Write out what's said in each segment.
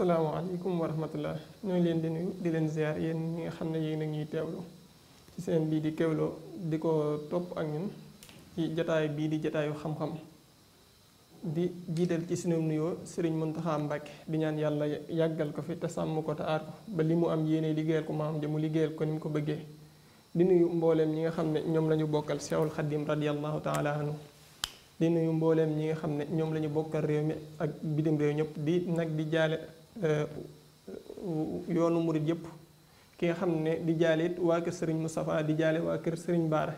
alaykum wa rahmatullah ñu leen di nuyu di leen ziar yeen ñi nga xamne yeen ñuy ci seen bi di kewlo di ko top ak ñun ci jotaay bi di jotaay xam-xam di jidal ci sunu nuyo Serigne muntaha mbacke di ñaan yalla yagal ko fi te ko taar aar ko ba limu am yene liggéeyal ko maam ja mu liggéeyal ko nim ko bëgge di nuyu mbollem ñi nga xamne ñom lañu bokkal radiyallahu taala anhu di nuyu mbollem ñi nga xamne ñom lañu mi ak bidim rew ñëpp di nak di jale Eh, yoonu murit yëpp ki nga xam ne di jaale it waa kër sëriñ Moustapha di jaale waa kër sëriñ Baara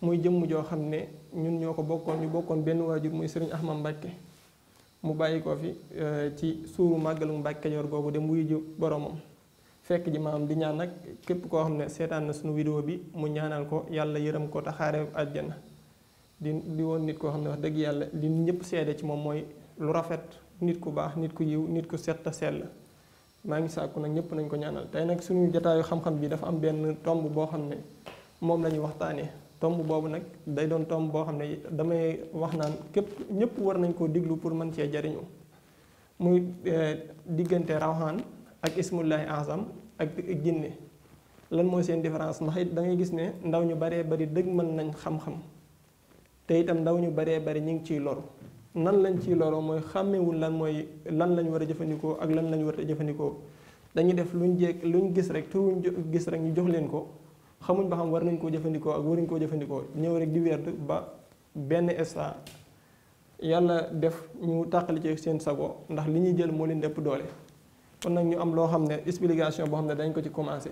muy jëmm joo xam ne ñun ñoo ko bokkoon ñu bokkoon benn waajur muy sëriñ Ahmad Mbàkke mu bàyyi ko fi eh, ci suuru màggalu Mbàkke Kajoor googu dem wuyu ji boromam fekk ji maam di ñaan nag képp koo xam ne seetaan na suñu vidéo bi mu ñaanal ko yàlla yërëm ko taxaare àjjana di di woon nit koo xam ne wax dëgg yàlla li ñëpp seede ci moom mooy lu rafet nit ku baax nit ku yiw nit ku set te sell maa ngi sàkku nag ñëpp nañ ko ñaanal tey nag suñu jotaayu xam-xam bi dafa am benn tomb boo xam ne moom la ñuy waxtaanee tomb boobu nag day doon tomb boo xam ne damay wax naan képp ñëpp war nañ koo diglu pour mën cee jariñu muy eh, diggante rawxaan ak ismullahi azam ak jinne lan mooy seen différence ndax it da ngay gis ne ndaw ñu baree bari dëgg mën nañ xam-xam te itam ndaw ñu baree bari ñu ngi ciy loru nan lañ ciy loro mooy xàmmewul lan mooy lan lañu war a jëfandikoo ak lan lañ war a jëfandikoo dañuy def lu ñu luñ lu ñu gis rek turuñ gis rek ñu jox leen ko xamuñ ba xam war nañ koo jëfandikoo ak waruñ koo jëfandikoo ñëw rek di weer ba benn instant yàlla def ñu tàqali ci seen sago ndax li ñuy jël moo leen dëpp doole kon nag ñu am loo xam ne explication boo xam ne dañ ko ci commencé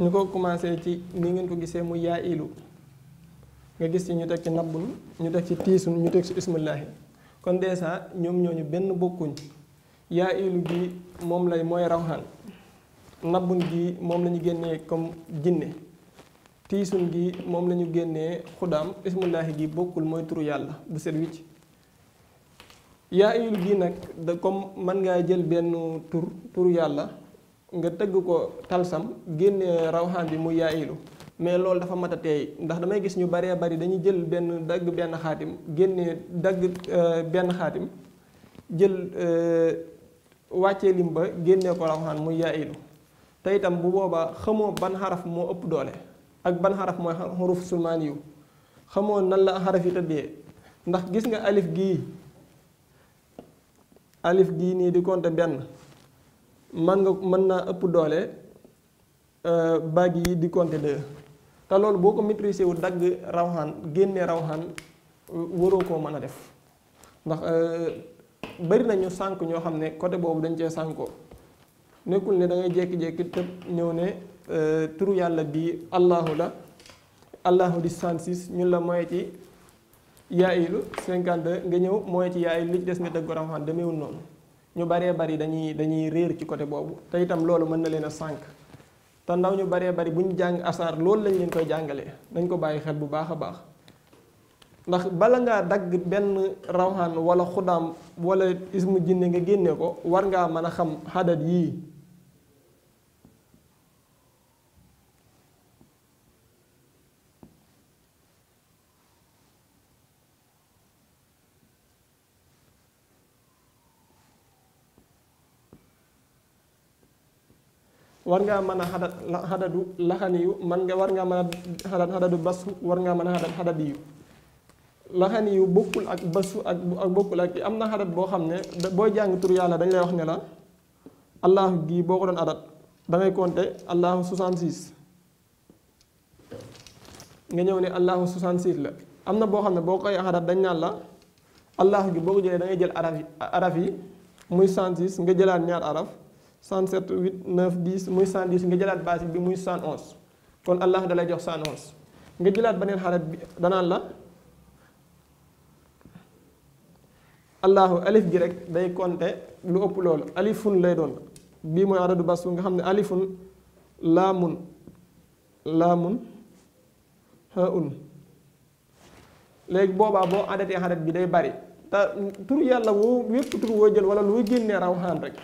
ñu ko commencé ci ni ngeen ko gisee mu yaa ilu nga gis ci ñu teg ci nabbun ñu teg ci tiisun ñu teg ci ismullahi kon dèjà ñoom ñooñu benn bokkuñ yaa ilu gi moom lay mooy rawxaan nabbun gi moom la ñu génnee comme jinne tiisun gi moom la ñu génnee xudaam ismullahi gi bokkul mooy turu yàlla bu set wicc yaa ilu gi nag da comme man ngaa jël benn tur turu yàlla nga tëgg ko talsam génne rawxaan bi mu yaayilu mais loolu dafa mat a teey ndax damay gis ñu baree bari dañuy jël benn dagg benn xaatim génne dagg euh, benn xaatim jël euh, wàccee lim ba génne ko rawxaan mu yaayilu te itam bu boobaa xamoo ban xaraf moo ëpp doole ak ban xaraf mooy xaruf sulmaan yu xamoo nan la xaraf tëddee ndax gis nga alif gii alif gii nii di compter benn man nga mën naa ëpp doole euh, bague yi di compter deux te loolu boo ko maîtriser wu dagg rawxaan génne rawxaan waroo koo mën a def ndax euh, bari nañu sànq ñoo xam ne côté boobu dañ cee sànkoo nekkul ne dangay ngay jékki tëb ñëw ne euh, turu yàlla bi allahu la allahu di 66 ñun la mooy ci yaayilu 52 nga ñëw mooy ci yaayilu li ci des nga dëgg ko rawxaan demeewul noonu ñu bari bari dañuy dañuy rir ci côté bobu te itam loolu mën na leena sank ta ndaw ñu bari bari buñu jang asar loolu lañ leen koy jangalé nañ ko bayyi xel bu bah baax ndax bala nga dag ben rawhan wala khudam wala ismu jinne nga genné ko war nga mëna xam hadad yi war ngaa mën a xadat xadadu laxaniyu man nga war ngaa mën a xadat xadadu basu war ngaa mën a xadat xadadiyu laxaniyu bokkul ak basu ak ak bokkul ak am na xadat boo xam ne booy jàng tur yàlla dañ lay wax ne la allahu gii boo ko doon adat dangay compter allahu 66 nga ñëw ne allahu 66 la am na boo xam ne boo koy xadat dañ naan la allahu gi boo ko jëlee da ngay jël araf yi araf yi muy 66 nga jëlaat ñaar araf 107 8 9 10 muy 110 nga jëlaat base bi muy 111 kon allah dalay jox 111 nga jëlaat beneen xaraf bi danaa la allahu alif bi rek day konte lu ëpp loolu alifun lay doon bii mooy adadu basu nga xam ne alifun laamun laamun haun léegi boobaa boo adatee xaraf bi day bari te tur yàlla woo wépp tur woo jël wala loo génnee raw xaan rek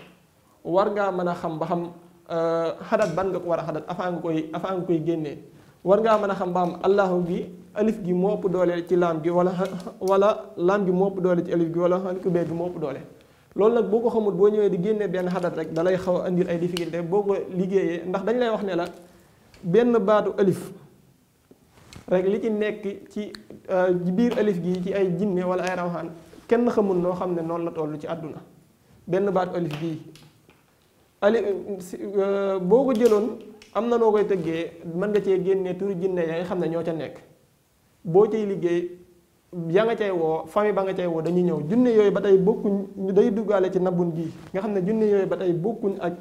war ngaa mën a xam ba xam euh, xadat ban nga ko war a xadat afaa nga koy afaa génnee war ngaa mën a xam ba xam allahu gi alif gi moo ëpp doole ci laam gi wala wala laam gi moo doole ci alif gi wala alif bee gi moo doole loolu nag boo ko xamul boo ñëwee di génnee benn xadat rek dalay xaw a indil ay difficulté boo ko liggéeyee ndax dañ lay wax ne la benn baatu alif rek li ci nekk euh, ci biir alif gi ci ay jinne wala ay rawxaan kenn xamul noo xam ne noonu la toll ci àdduna benn baatu alif bii ali euh, boo ko jëloon am na noo koy tëggee mën nga cee génne turu jinne ya nga xam ne ñoo ca nekk boo cay liggéey yaa nga cay woo famille ba nga cay woo dañuy ñëw junne yooyu ba tey bokkuñ day duggaale ci nabun gi nga xam ne junne yooyu ba tey bokkuñ ak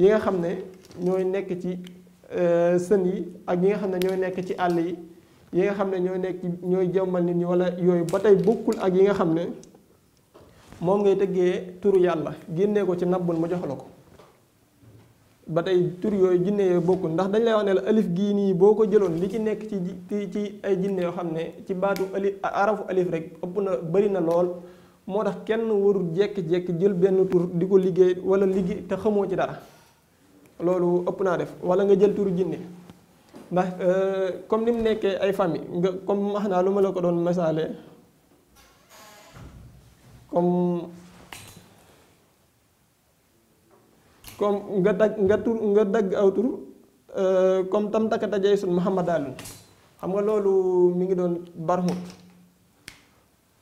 yi nga xam ne ñooy nekk ci euh, sën yi ak yi nga xam ne ñooy nekk ci àll yi yi nga xam ne ñooy nekk ci ñooy jëmmal nit ñi wala yooyu ba tey bokkul ak yi nga xam ne moom ngay tëggee turu yàlla génnee ko ci nabun mu jox la ko ba tey tur yooyu jinne yooyu bokkul ndax dañ lay wax ne la alif gii nii boo ko jëloon li ci nekk ci ci ci ay jinne yoo xam ne ci baatu alif arafu alif rek ëpp na bëri na lool moo tax kenn warul jekki-jekki jël benn tur di ko liggéey wala liggéey te xamoo ci dara loolu ëpp naa def wala nga jël tur jinne ndax euh, comme ni mu nekkee ay famille nga comme max naa lu ma la ko doon misaale comme comme nga dag nga tur nga dagg aw tur euh, comme tam takkata jaysun Muhammad Alun xam nga loolu mu ngi doon barxut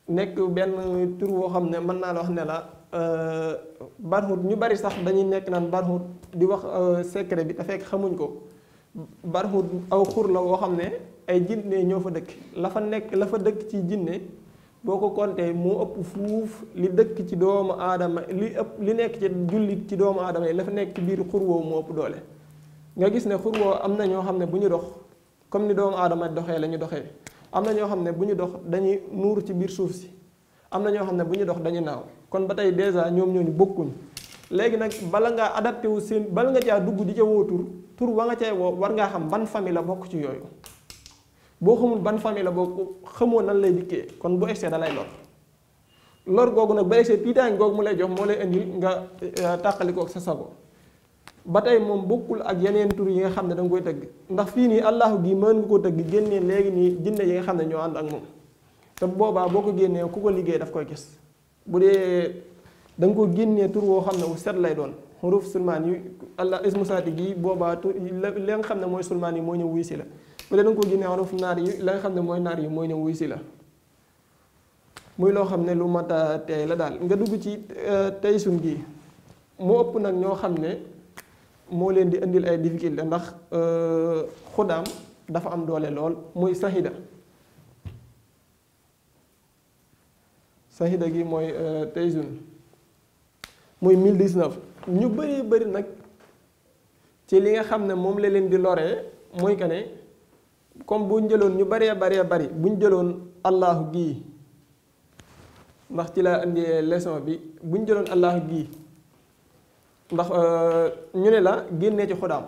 nekk benn tur woo xam ne mën naa la wax ne la euh, barxut ñu bari sax dañuy nekk naan barxut di wax euh, secret bi te fekk xamuñ ko barxut aw xur la woo xam ne ay jinne ñoo fa dëkk la fa nekk la fa dëkk ci jinne boo ko compté mu ëpp fuuf li dëkk ci doomu aadama li ëpp li nekk ci jullit ci doomu aadama yi la fa nekk ci biir xur woowu moo ëpp doole nga gis ne xur woowu am na ñoo xam ne bu ñu dox comme ni doomu aadama doxee la ñu doxee am na ñoo xam ne bu ñu dox dañuy nuur ci biir suuf si am na ñoo xam ne bu ñu dox dañuy naaw kon ba tey dèjà ñoom ñooñu bokkuñ léegi nag bala ngaa adapté wu seen bala nga caa dugg di ca woo tur tur wa nga cay woo war ngaa xam ban famille la bokk ci yooyu boo xamul ban famille la boo xamoo nan lay dikkee kon bu egsee da lay lor lor googu nag ba egsee tiitaange googu mu lay jox moo lay indil nga eh, eh, tàqalikook sa sago ba tey moom bokkul ak yeneen tur yi nga xam ne danga koy tëgg ndax nii allahu gi mën nga ko tëgg génnee léegi nii jinne yi nga xam ne ñoo ànd ak moom te boobaa boo ko génnee ku ko liggéey daf koy gis bu dee da ko génnee tur woo xam ne wu set lay doon xuruf sulmaan yi allah ismu saati gi boobaa tur la nga xam ne mooy sulmaan yi mooy ñëw wuy si la bu dee da nga ko génne xaruf naar yi la nga xam ne mooy naar yi mooy ne wuy si la muy loo xam ne lu mat a la daal nga dugg ci euh, tey suñ gi moo ëpp nag ñoo xam ne moo leen di indil ay difficulté ndax xudaam euh, dafa am doole lool muy sahida saxida gi mooy euh, teysun muy 1019 ñu bëree bari nag ci li nga xam ne moom la leen di lore mooy que comme bu ñu jëloon ñu baree baree bari bu ñu jëloon allahu gii ndax ci la indi leçon bi bu ñu jëloon allahu gii ndax euh, ñu ne la génnee ci xudaam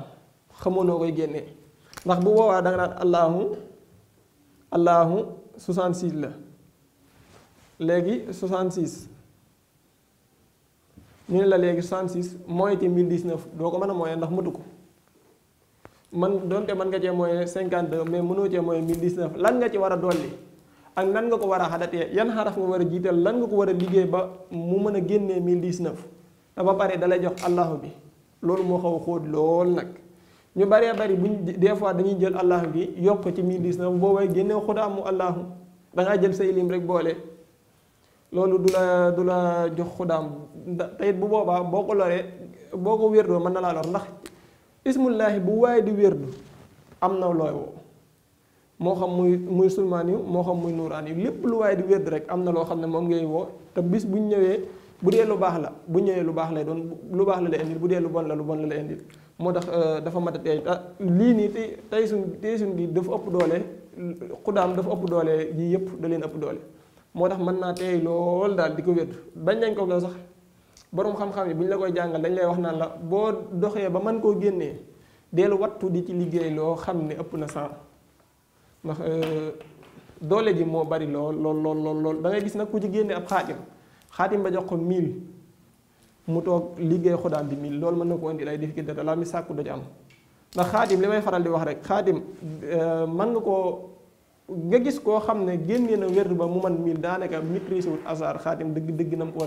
xamoo noo koy génne ndax bu boobaa da nga naan allahu allahu 66 la léegi 66 ñu ne la léegi 66 mooy ci 1019 doo ko mën a mooyee ndax matu ko. man donte mën nga cee mooy 52 mais mënoo cee mooy 1019 lan nga ci war a dolli ak nan nga ko war a xadatee yan xaraf nga war a jiital lan nga ko war a liggéey ba mu mën a génnee 1019 te ba pare dalay jox allahu bi loolu moo xaw a xóot lool nag ñu baree bari buñ des fois dañuy jël allahu bi yokk ci 1019 boobay génnee xudaamu allahu da ngaa jël say lim rek boole loolu du la du la jox xudaam te bu boobaa boo ko loree boo mën na laa lor ismullahi bu way di werdu amna loy wo mo xam muy muy sulmani mo xam muy nurani lepp lu way di wérdu rek amna lo xamne mom ngay wo te bis bu ñewé bu dé lu bax la bu ñewé lu bax lay doon lu bax la lay indi bu dé lu bon la lu bon la lay indi moo tax euh, dafa mata tay ah, li ni tay sun tay sun tey gi dafa upp doole xudaam dafa upp doole yi yep da leen ëpp doole motax man na tay lol dal diko di bañ nañ ko sax boroom xam-xam yi bu ñu la koy jàngal dañ lay wax naa la boo doxee ba man koo génnee dellu wattu di ci liggéey loo xam ne ëpp na saa ndax euh, doole ji moo bari lool lool lool lool da gis nag ku ci génnee ab xaatim xaatim ba jox ko 1000 mu toog liggéey xuddaam di 1000 loolu mën na koo indi lay difficulté la mi sàkku du am ndax xaatim li may faral di wax rek xaatim euh, mën nga koo nga gis koo xam ne génne na wérdu ba mu man 1000 daanaka maîtriser wut asar xaatim dëgg dëgg na mu ko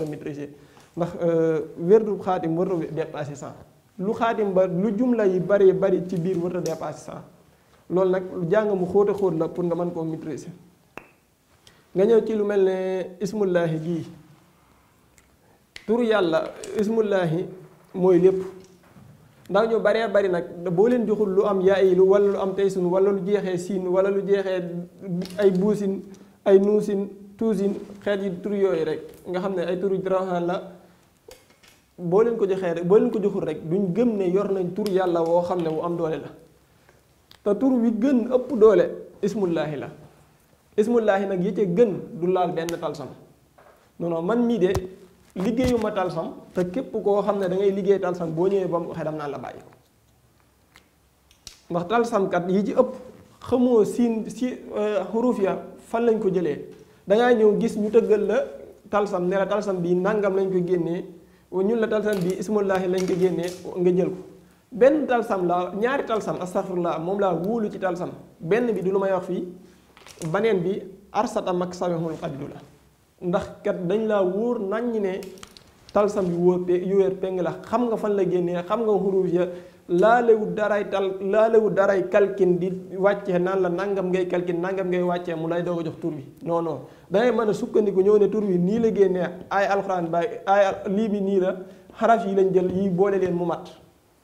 ndax euh, werdu xaatim warta dépassé cent lu xaatim ba lu jumla yi bari bari ci biir warta dépassé cent loolu nag jàng mu xóot a xóot la pour nga man koo maîtriser nga ñëw ci lu mel ne ismullaahi gii turu yàlla ismullaahi mooy lépp ndax ñu baree bari nag boo leen joxul lu am yaa yi lu wala lu am tey sunu wala lu jeexee siin wala lu jeexee ay buusin ay nuusin tuusin xeet yi tur yooyu rek nga xam ne ay turu rawaxaan la boo leen ko joxee rek boo leen ko joxul rek duñ gëm ne yor nañ tur yàlla woo xam ne wu am doole la te tur wi gën ëpp doole ismullaahi la ismullaahi nag yi gën du laal benn talsam non man mii de liggéeyu ma talsam te képp koo xam ne da liggéey talsam boo ñëwee ba mu dam naan la bàyyi ko ndax talsamkat yi ci ëpp xamoo siin si euh, xuruf ya fan lañ ko jëlee dangaa ñëw gis ñu tëggal la talsam ne talsam bii nangam lañ ko génnee ñun la talsam bi ismullahi lañ ko génnee nga jël ko benn talsam la ñaari talsam astafurlah moom laa wóolu ci talsam benn bi du lu may wax fii baneen bi arsatam ak samihul xabdu la ndax kat dañ laa wóor nañ ne talsam yu wóor yu wér peng la xam nga fan la génnee xam nga xuruuf ya laalewu daray tal laalewu daray kalkin di wàccee naan la nangam ngay kalkin nangam ngay wàccee mu lay doog a jox tur bi non non dangay mën a sukkandiku ñëw ne tur bi nii la génne ay alxuraan ba ay lii bi nii la xaraf yi lañ jël yi boole leen mu mat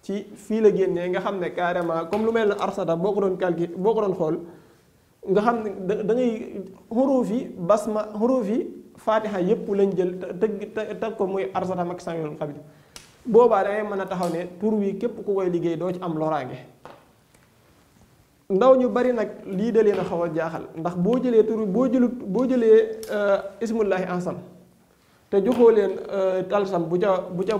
ci fii la génne nga xam ne carrément comme lu mel ne arsata boo ko doon calcul boo ko doon xool nga xam ne da da ngay xuruuf yi basma xuruuf yi faatiha yépp lañ jël tëgg teg ko muy arsata ak samiul xabir boobaa dangay mën a taxaw ne tur wi képp ku koy liggéey doo ci am loraange ndaw ñu bari nag lii da leen a xaw jaaxal ndax boo jëlee tur boo jëlut boo jëlee euh, ismullahi ansam te joxoo leen euh, talsam bu ca bu ca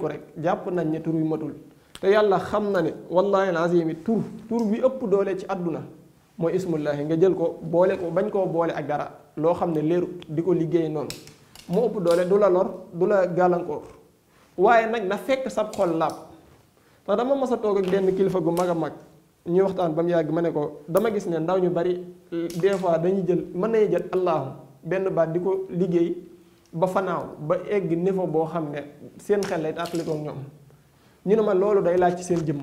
ko rek jàpp nañ ne tur wi matul te yàlla xam na ne wallahi lazim tur tur bi ëpp doole ci àdduna mooy ismullahi nga jël ko boole ko bañ koo boole ak dara loo xam ne léeru di ko liggéey noonu mu ëpp doole du la lor du la gàllankoor waaye nag na fekk sab xol laab ndax dama mas a toog ak benn kilifa gu mag a mag ñuy waxtaan ba mu yàgg ma ne ko dama gis ne ndaw ñu bari des fois dañuy jël mën na jël allahum benn baat di ko liggéey ba fanaaw ba egg niveau boo xam ne seen xel lay tàqalikoo ñoom ñu ne ma loolu day laaj ci seen jëmm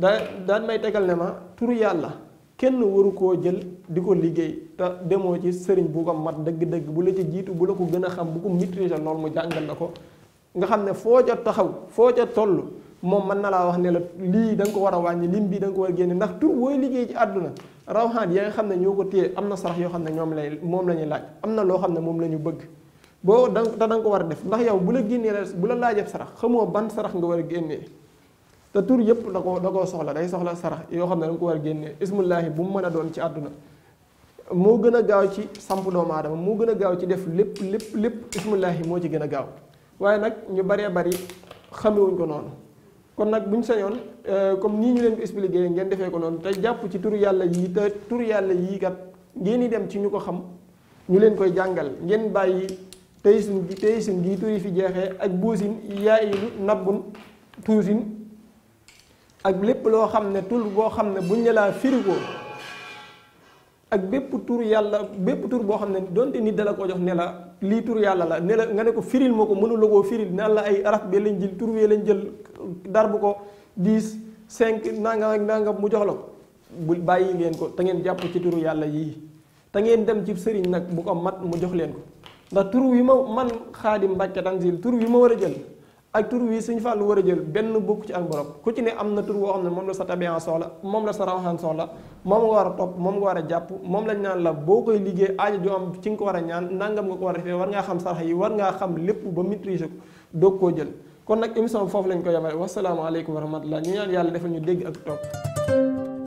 da daan may tegal ne ma turu yàlla kenn waru koo jël di ko liggéey te demoo ci sëriñ bu ko mat dëgg-dëgg bu la ci jiitu bu la ko gën a xam bu ko maîtriser lool mu jàngal la ko nga xam ne foo ca taxaw foo ca toll moom mën na laa wax ne la lii da ko war a wàññi lim bi danga nga ko war a génne ndax tur booy liggéey ci àdduna rawxaan ya nga xam ne ñoo ko téye am na sarax yoo xam ne ñoom lay moom la ñuy laaj am na loo xam ne moom la ñu bëgg boo da te da ko war a def ndax yow bu la génnee bu la laajee sarax xamoo ban sarax nga war a génnee te tur yëpp da ko da koo soxla day soxla sarax yoo xam ne dañ ko war a génnee ismullaahi bu mu mën a doon ci àdduna moo gën a gaaw ci samp doom aadama moo gën a gaaw ci def lépp lépp lépp ismullaahi moo ci gën a gaaw waaye nag ñu baree bari xamewuñ ko noonu kon nag buñ sañoon euh, comme nii ñu leen ko expliqué ngeen defee ko noonu te jàpp ci turu yàlla yii te turu yàlla yii kat ngeen di dem ci ñu ko xam ñu leen koy jàngal ngeen bàyyi tey suñ tey suñ gii tur yi fi jeexee ak buusin yaayilu nabbun tuusin ak lépp loo xam ne tur boo xam ne bu ne laa firi ak bépp tur yàlla bépp tur boo xam ne donte nit dala ko jox ne la lii tur yàlla la ne nga ne ko firil moo ko mënula koo firil naan la ay araf bi lañ jël tur bi lañ jël darbu ko dix cinq nangam ak nangam mu jox la ko bu bàyyi ngeen ko te ngeen jàpp ci turu yàlla yii te ngeen dem ci sëriñ nag bu ko mat mu jox leen ko ndax tur wi ma man Xaadim Mbàkke Tanzil tur wi ma war a jël ak tur wi suñ fàllu war a jël benn bokk ci ak borom ku ci ne am na tur woo xam ne moom la sa tabian moom la sa rawxaan moom nga war a topp moom nga war a jàpp moom la naan la boo koy liggéey aajo ju am ci nga ko war a ñaan nangam nga ko war a defee war ngaa xam sarxa yi war ngaa xam lépp ba maîtriser ko doog koo jël kon nag émission foofu lañ ko yemale wasalaamaaleykum wa rahmatullah ñu ñaan yàlla defal ñu dégg ak topp